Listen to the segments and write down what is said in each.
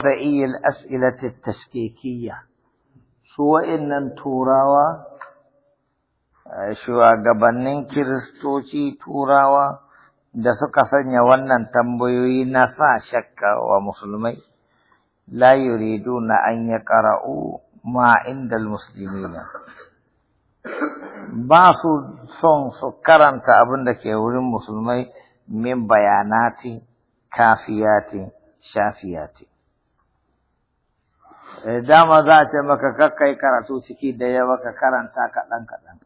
فرعي الأسئلة taske kiyya, إن توراوا shugabannin kiristoci turawa da suka sanya wannan tambayoyi na sa shakka wa musulmai la yuriduna an ya ƙara'u ma inda musulmina ba su son su karanta abin da ke wurin musulmai min bayanati kafiyati shafiyati Eh, dama za a ce maka kakkai karatu ciki da yawa ka karanta kaɗan kaɗan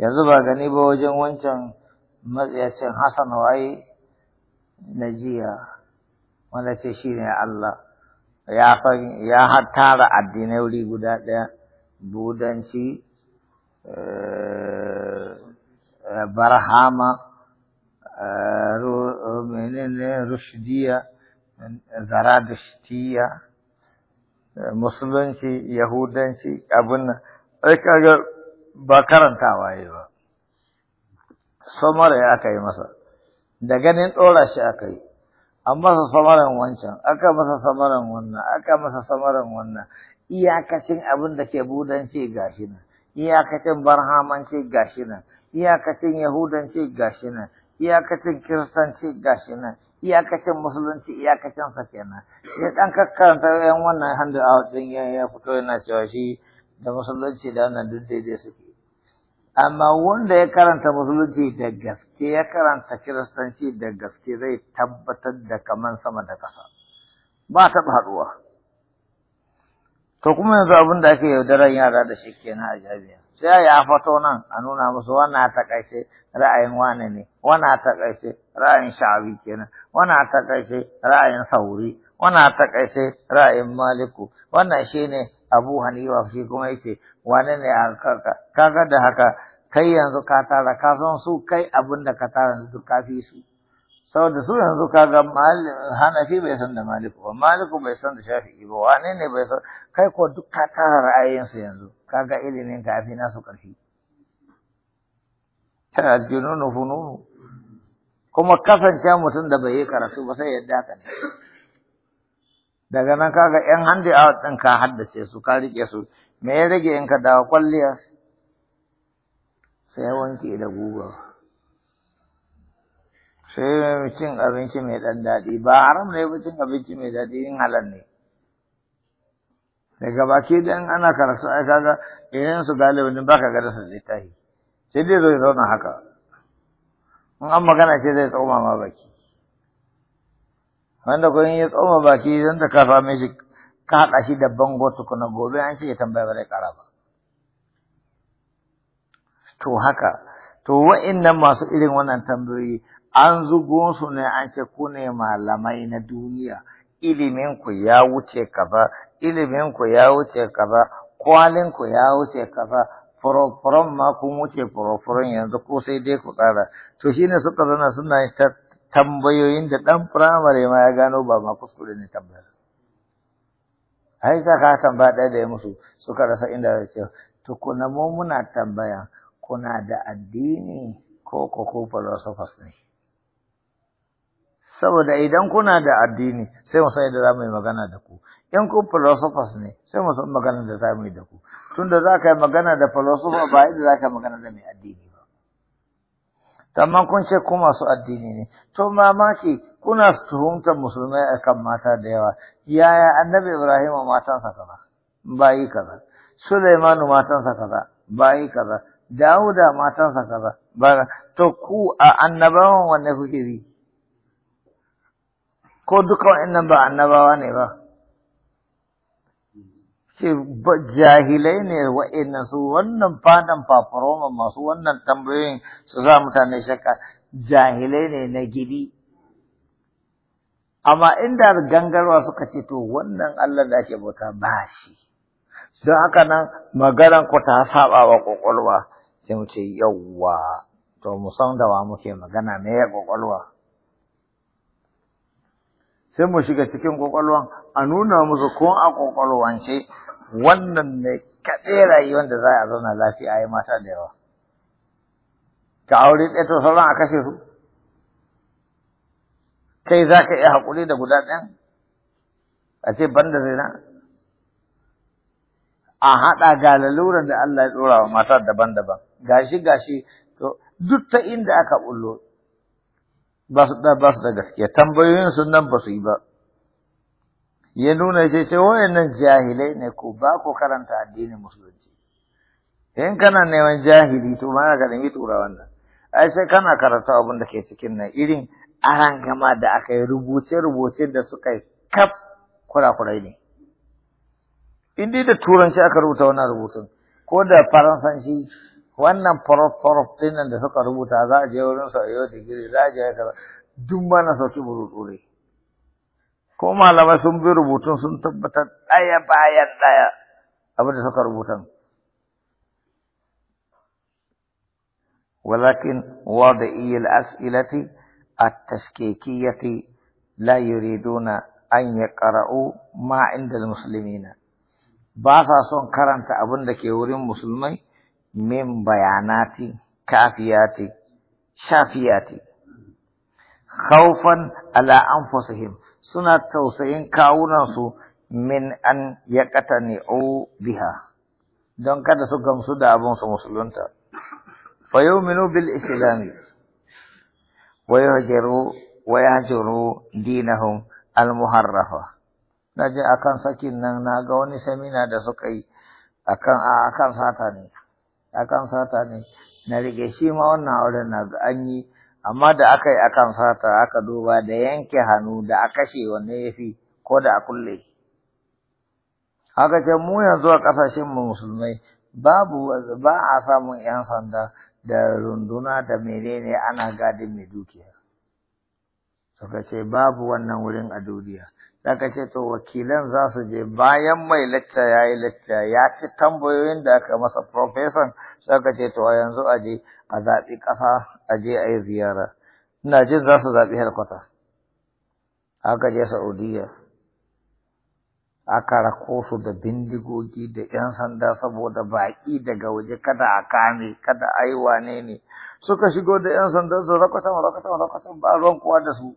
yanzu ba gani ba wajen wancan matsayacin hassan wai na jiya wanda ce shi ne Allah ya tara addinai wuri guda ɗaya budanci eh, barhama eh, menene rushdiya zaradishtiya musulunci yahudanci abin nan ai kaga ba karantawa yi ba samara aka yi masa da ganin ɗora shi aka yi an masa samaran wancan aka masa samaran wannan aka masa samaran wannan iyakacin abin da ke budanci gashi nan iyakacin barhamanci gashi nan iyakacin yahudanci gashi nan iyakacin kiristanci gashi nan iyakacin musulunci iyakacin sa kenan sai dan kakkaranta yan wannan handu a din ya fito yana cewa shi da musulunci da wannan duk daidai suke amma wanda ya karanta musulunci da gaske ya karanta kiristanci da gaske zai tabbatar da kaman sama da kasa ba ta haɗuwa to kuma yanzu abin da ake yaudaran yara da shi kenan a jami'a sai ya fato nan a nuna musu wannan ta ra'ayin wane ne wana ta ƙarshe ra'ayin sha'abi kenan wana ta ƙarshe ra'ayin sauri wana ta ƙarshe ra'ayin maliku wannan ne abu hanifa shi kuma yace wane ne a kanka kaga da haka kai yanzu ka tara ka san su kai abin da ka tara yanzu ka fi su saboda su yanzu kaga hanafi bai san da maliku ba maliku bai san da shafi'i ba wane ne bai san kai ko duk ka tara ra'ayinsu yanzu kaga ilimin kafi fi nasu ƙarfi aljununu fununu kuma kasance mutum da bai yi karatu ba sai yadda ne daga nan kaga yan handi a ɗin ka haddace su ka riƙe su me ya rage in ka dawo kwalliya sai wanke da guga sai cin abinci mai ɗan daɗi ba haram ne ba cin abinci mai daɗi yin halar ne daga baki da ana karatu ai kaga idan su galibin ka ga zai tashi. sai dai zo ya zauna haka in an magana ce zai tsoma ma baki wanda ko in ya tsoma baki zan ta kafa mai shi ka haɗa shi da bango tukuna gobe an ce ya tambaya ba zai ƙara ba to haka to wa'innan masu irin wannan tambayoyi an zugo su ne an ce ku ne malamai na duniya ilimin ku ya wuce kaza ilimin ku ya wuce kaza kwalin ku ya wuce kaza furofuron ma kun wuce furofuron yanzu ko sai dai ku tsara to shi shine suka zana suna ta tambayoyin da ɗan firamare ma ya gano ba ma kuskure ne tambayar ai sa ka tamba ɗaya da ya musu suka rasa inda da ce to kuna mu muna tambaya kuna da addini ko ko ko philosophers ne saboda idan kuna da addini sai mu san yadda za mu yi magana da ku in ku philosophers ne sai mu san magana da za mu yi da ku tunda za ka yi magana da philosopher ba yadda za ka yi magana da mai addini ba amma kun ce ku masu addini ne to mamaki kuna tuhumtar musulmai a kan mata da yawa yaya annabi ibrahim matansa kaza bayi kaza sulaimanu matansa kaza bayi kaza dauda matansa kaza ba to ku a annabawan wanne kuke bi ko duka wa'annan ba annabawa ne ba ce jahilai ne wa'annan su wannan fadan fafaroma masu wannan tambayoyin su za mutane shakka jahilai ne na gidi amma inda gangarwa suka ce to wannan Allah da ake bauta ba shi don haka nan maganar ku ta saba wa kwakwalwa sai mu ce yawwa to mu san da wa muke magana me ya kwakwalwa sai mu shiga cikin kwakwalwan a nuna musu ko a kwakwalwance wannan ne kaɗai rayuwar da za a zauna lafiya ya yi mata da yawa. Ka aure ɗaya to sauran a kashe su? Kai za ka iya haƙuri da guda ɗayan? A ce ban da zina? A haɗa ga lalurar da Allah ya ɗora wa mata daban-daban. Gashi gashi to duk ta inda aka ɓullo ba su da gaskiya. tambayoyin sun nan ba su yi ba. ya nuna ce ce wayannan jahilai ne ko ba ku karanta addinin musulunci in kana neman jahili to ma ka tura wannan ai sai kana karanta abin da ke cikin nan irin aran gama da aka yi rubuce-rubuce da suka yi kaf kurakurai ne in da turanci aka rubuta wannan rubutun ko da faransanci wannan prof forof ɗin da suka rubuta za a je wurin sa yau digiri za a je kaza duk ma na sauki buru ko malamai sun bi rubutun sun tabbatar daya bayan daya abin da suka rubutan. ولكن وضعي الأسئلة التشكيكية لا يريدون أن يقرأوا ما عند المسلمين باسا سون كرنت أبن دكي ورين مسلمي من بيانات كافيات شافيات خوفا على أنفسهم suna tausayin kawunansu min an ya ƙatani'u biha don kada su gamsu da abin su musulunta Fayo minu bil islami wa yahjaru al muharrafa naje kan sakin nan na ga wani samina da suka yi a kan sata ne kan sata ne na rike shi ma wannan auren na ga an yi amma da aka yi akan sata aka duba da yanke hannu da a kashe wanne ya fi ko da a kulle haka ce mu yanzu a ƙasashen mu musulmai babu ba a samun yan sanda da runduna da menene ana gadi mai dukiya suka ce babu wannan wurin a duniya Daga ce to wakilan za su je bayan mai lacca ya yi lacca ya ci tambayoyin da aka masa profesan suka ce to yanzu a je a zaɓi ƙasa a je a yi ziyara ina jin za su zaɓi helkwata aka je saudiya aka rako su da bindigogi da 'yan sanda saboda baƙi daga waje kada a kame kada a yi wane ne suka shigo da 'yan sanda su rakwata ma rakwata ba ruwan kuwa da su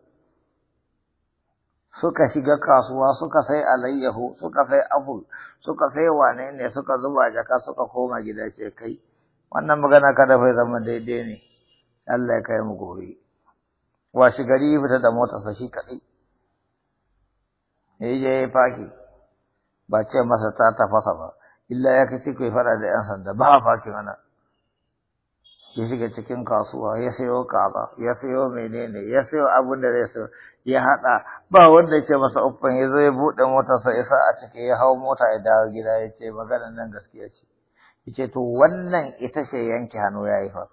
suka shiga kasuwa suka sai alayyahu suka sai aful suka sai wane ne suka zuba jaka suka koma gida ce kai wannan magana kada fa zama daidai ne Allah ya kai mu gobe washi gari fita da motarsa shi kaɗai ne je ya faki ba ce masa ta tafasa ba illa ya kace ku fara da yan sanda ba faki mana ya shiga cikin kasuwa ya sayo kaza ya sayo menene ya sayo abin da zai sayo ya haɗa ba wanda ya masa uffan ya zo ya buɗe motarsa ya sa a ciki ya hau mota ya dawo gida ya ce maganar nan gaskiya ce yace to wannan ita ce yanke hannu yayi fa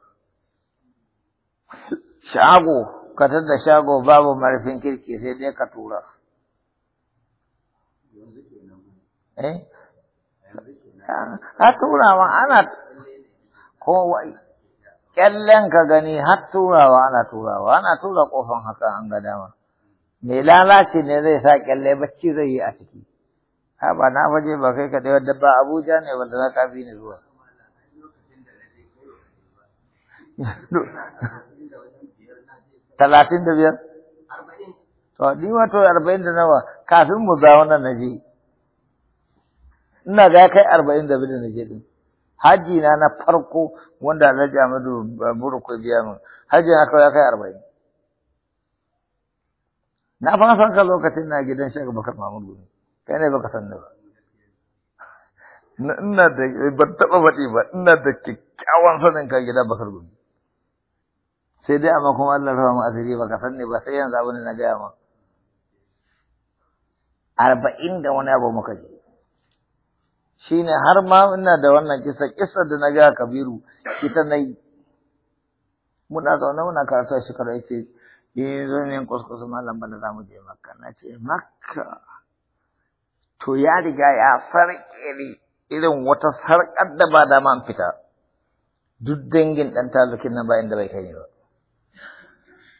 shago ka da shago babu marfin kirki sai dai ka tura eh a turawa ana ko Ƙyallen ka gani har turawa ana turawa ana tura kofan haka an ga dama mai lalace ne zai sa kyalle bacci zai yi a ciki ha ba na waje ba kai ka wadda ba Abuja ne wanda za ka fi ni zuwa. Talatin da biyar? To, ni ma arba'in da nawa kafin mu za wannan na je. Ina ga kai arba'in da biyar na je ɗin. Haji na na farko wanda Alhaji Amadu ko biya min. Haji na kawai kai arba'in. Na fara san ka lokacin na gidan Shagabakar Mahmud Gumi. kai ne baka san ba na ina da ba taba faɗi ba ina da kyakkyawan sanin ka gida bakar gumi sai dai amma kuma Allah rawa mu asiri baka san ne ba sai yanzu abin na gaya ma arba'in da wani abu muka ji shine har ma ina da wannan kisa kisa da na gaya kabiru ita na yi muna zaune muna karatu a shekaru ya ce yanzu ne kuskus malam da za mu je makka na ce makka to ya riga ya sarƙe ni irin wata sarƙar da ba dama an fita duk dangin ɗan talukin nan ba inda bai kai ni ba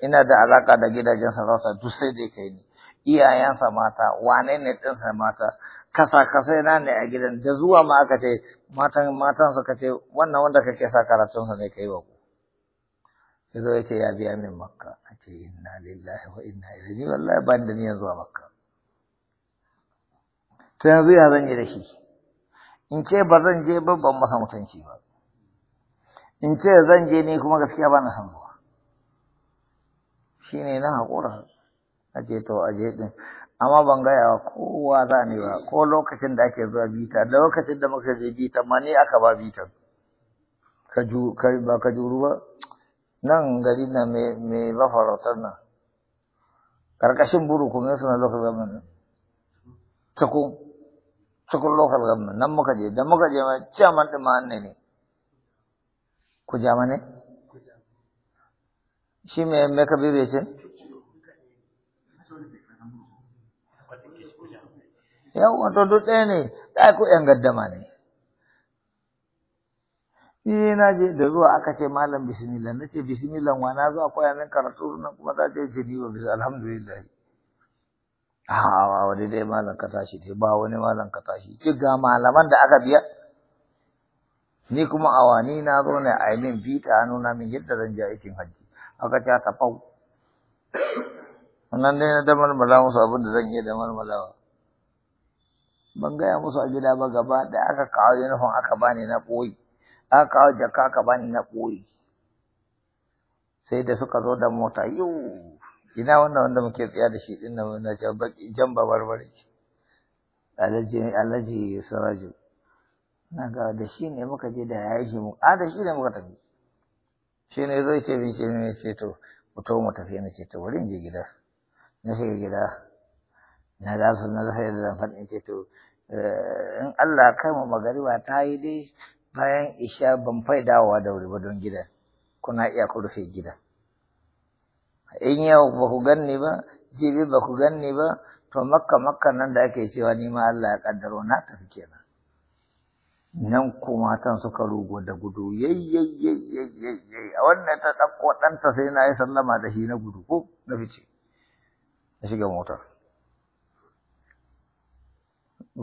ina da alaƙa da gidajen sarauta duk sai dai kai ni iyayensa mata wane ne ɗinsa mata kasa kasa na ne a gidan da zuwa ma aka ce matan matan suka ce wannan wanda kake sa karatunsa ne kai wa ku sai ya ce ya biya min makka Ake inna lillahi wa inna ilaihi wallahi ban da ni yanzu a makka ta yanzu ya zan yi da shi in ce ba zan je ba ban masa mutunci ba in ce zan je ne kuma gaskiya ba na san Shi shine na haƙura aje to aje din amma ban gaya wa kowa za ne ba ko lokacin da ake zuwa bita da lokacin da muka je bita ma ne aka ba bita ka ju ka ba ka juru ba nan gari na me me mafarautar nan karkashin buru kuma suna lokacin zamanin ta kuma cikin local government nan muka je da muka je ma chairman din ma ne ne ku ja shi me me kabir ya ce wato duk ɗaya ne da ku yan gaddama ne ni na je da zuwa aka ce malam bismillah nace bismillah wa na zo akwai min karatu nan kuma ta ce jini wa alhamdulillah A'a wani dai malam ka tashi dai ba wani malam ka tashi ki ga malaman da aka biya ni kuma awani na zo ne a min bita a nuna min yadda zan je aikin hajji aka ta ta fau wannan dai na da malmala musu abin da zan yi da malmalawa ban gaya musu a gida ba gaba da aka kawo uniform aka bani na koyi aka kawo jaka aka bani na koyi sai da suka zo da mota yau ina wannan wanda muke tsaya da shi din nan na ce baki jan ba barbare alaji alaji saraju na ga da shi ne muka je da yayi shi mu a da shi ne muka tafi shi ne zai ce bin shi ne ce to mu to mu tafi ne ce to wurin je gida na shiga gida na za su na zahar da faɗin ce to eh, in Allah kai mu magariba ta yi dai bayan isha ban fai dawowa da wuri ba don gida kuna iya ku rufe gida in yau ba ku ganni ba jibi ba ku ganni ba to makka makka nan da ake cewa ni ma Allah ya kaddaro na tafi kenan nan kuma tan suka rugo da gudu yayyayyayyayyay a wannan ta ɗauko ɗanta sai na yi sallama da shi na gudu ko na fice na shiga motar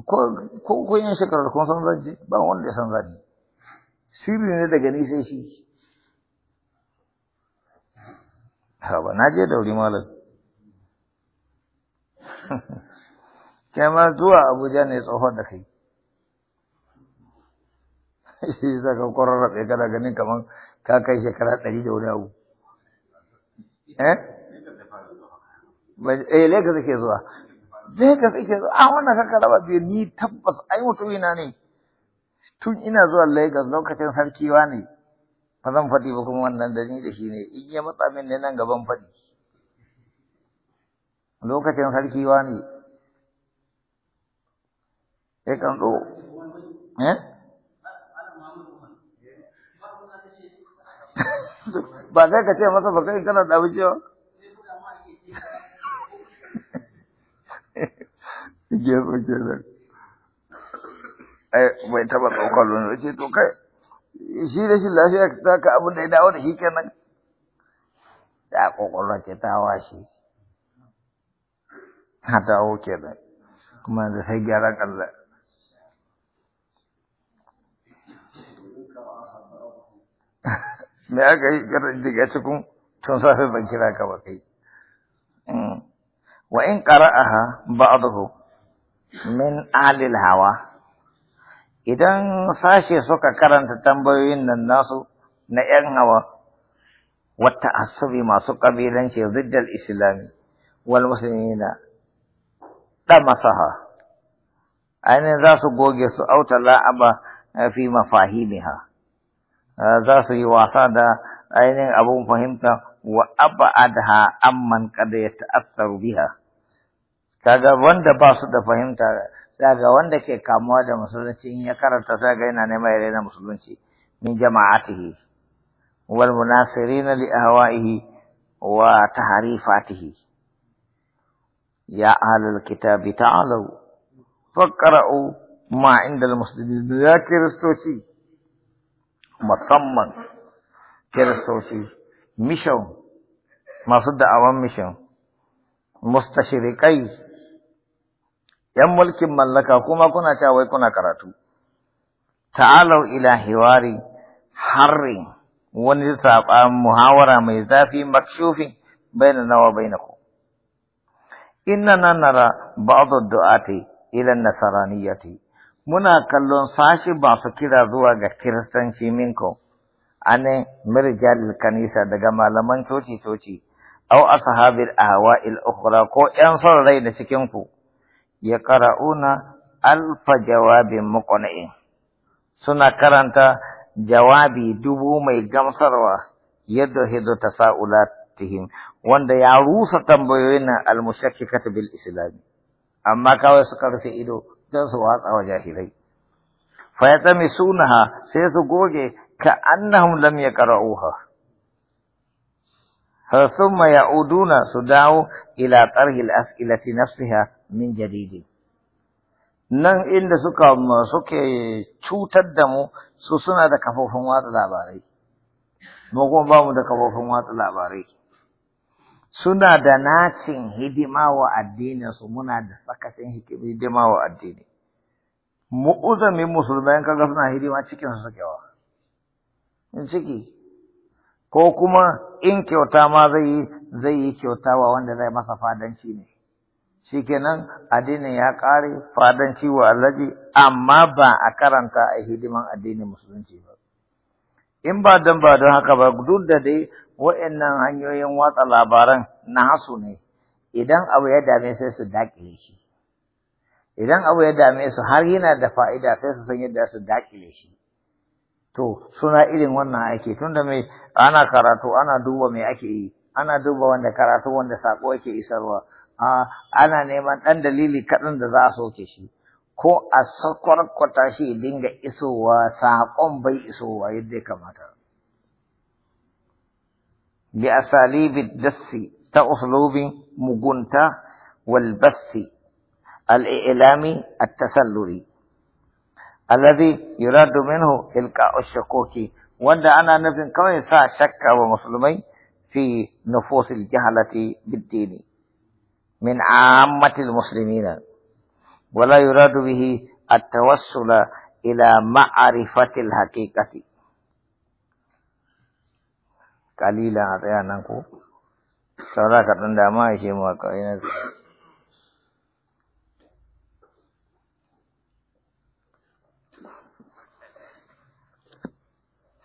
ko ko yin shekarar kun san zaje? ba wanda ya san zan sirri ne daga ni sai shi Haba, na je da wuri malam. kema zuwa Abuja ne tsohon da kai. Shi za ka kwararra tsaye kana ganin kamar ka kai shekara ɗari da wani abu. Eh? Eh, Lagos ke zuwa. Lagos ke zuwa. A ah, wannan kaka raba biyu ni tabbas ai mutumina ne. Tun ina zuwa Lagos lokacin sarkiwa ne. ba fadi faɗi ba kuma wannan da sini. da shi ne in ya matsa min nan gaban faɗi kan eh? ce masa ba kai Eh, taba ɗaukar kalau shi da shi lafiya ta ka abin da ya dawo da shi kenan da kokolwa ce ta shi. ta dawo kenan kuma da sai gyara kalla me aka yi karin daga cikin tun safe ban kira ka ba kai mm. wa in qara'aha ba'dahu min ahli al-hawa idan sashe suka karanta tambayoyin nan nasu na ‘yan hawa, wata asubi masu ƙabilanci ziddal islami wal musulmi na masaha, ainihin za su goge su auta la'aba eh, fi mafahimiha, eh, za su yi wasa da ainihin abun fahimta wa Abba aba'adha amman kada ya ta'assaru biha. Kaga wanda ba su da fahimta sai ga wanda ke kamuwa da musulunci in ya karanta sai ga yana neman ya daina musulunci min jama'atihi wal munasirina li ahwa'ihi wa tahrifatihi ya ahlul kitabi ta'alu faqra'u ma inda muslimin ya kiristoci musamman kiristoci mission masu da'awan mission mustashirikai ‘yan mulkin mallaka kuma kuna ta wai kuna karatu. Ta'alau ila hiwari harri wani saɓa muhawara mai zafi makshufin baina nawa baina ku. Inna na nara ba'adu du'ati ila nasaraniyati. Muna kallon sashi ba su kira zuwa ga kiristanci minko, ane mirjalil kanisa daga malaman coci-coci, au a a ahwa'il ukhra ko ‘yan son rai da cikinku. yaqra'una alfa jawabin muqna'in suna karanta jawabi dubu mai gamsarwa yadda hidu tasa'ulatihim wanda ya rusa tambayoyin al-mushakkikata bil islami amma kawai suka rufe ido don su watsa wa jahilai fa ya sunaha sai su goge ka annahum lam yaqra'uha ثم يعودون سداو إلى طرح الأسئلة نفسها min jaridi nan inda suka suke cutar da mu su suna da kafofin watsa labarai mu kuma ba mu da kafofin watsa labarai suna da nacin hidima wa addinin su muna da sakacin hidima wa addini mu uzamin musulmai kaga suna hidima cikin su In ciki ko kuma in kyauta ma zai yi zai yi kyauta wa wanda zai masa fadanci ne shi kenan addinin ya ƙare fadan ciwo Allahji amma ba a karanta a hidiman addinin musulunci ba in ba don ba don haka ba duk da dai wa'annan hanyoyin watsa labaran na hasu ne idan abu ya dame sai su dakile shi idan abu ya dame su har yana da fa'ida sai su san yadda su dakile shi to suna irin wannan aiki tunda mai ana karatu ana duba mai ake yi ana duba wanda karatu wanda sako yake isarwa ana neman ɗan dalili kaɗan da za a soke shi ko a sakwarkwata shi dinga isowa saƙon bai isowa yadda ya kamata bi asalibi dassi ta uslubin mugunta wal basti al-i'lami at-tasalluri alladhi yuradu minhu ilqa'u shakuki wanda ana nufin kawai sa shakka wa musulmai fi nufusil jahalati bid-dini من عامة المسلمين ولا يراد به التوسل إلى معرفة الحقيقة قليلا أعطينا نقول saura ka ɗan dama ya ce maka